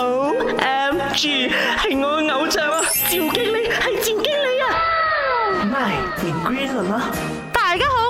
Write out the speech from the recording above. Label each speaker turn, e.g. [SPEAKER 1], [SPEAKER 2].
[SPEAKER 1] 好，OMG 係我嘅偶像啊，趙經理係趙經理啊，My Green 啦，大家好。